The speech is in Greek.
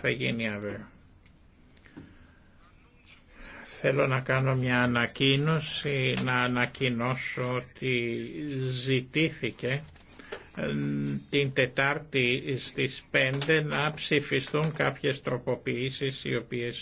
θα γίνει αύριο. Θέλω να κάνω μια ανακοίνωση, να ανακοινώσω ότι ζητήθηκε ε, την Τετάρτη στις 5 να ψηφιστούν κάποιες τροποποιήσεις οι οποίες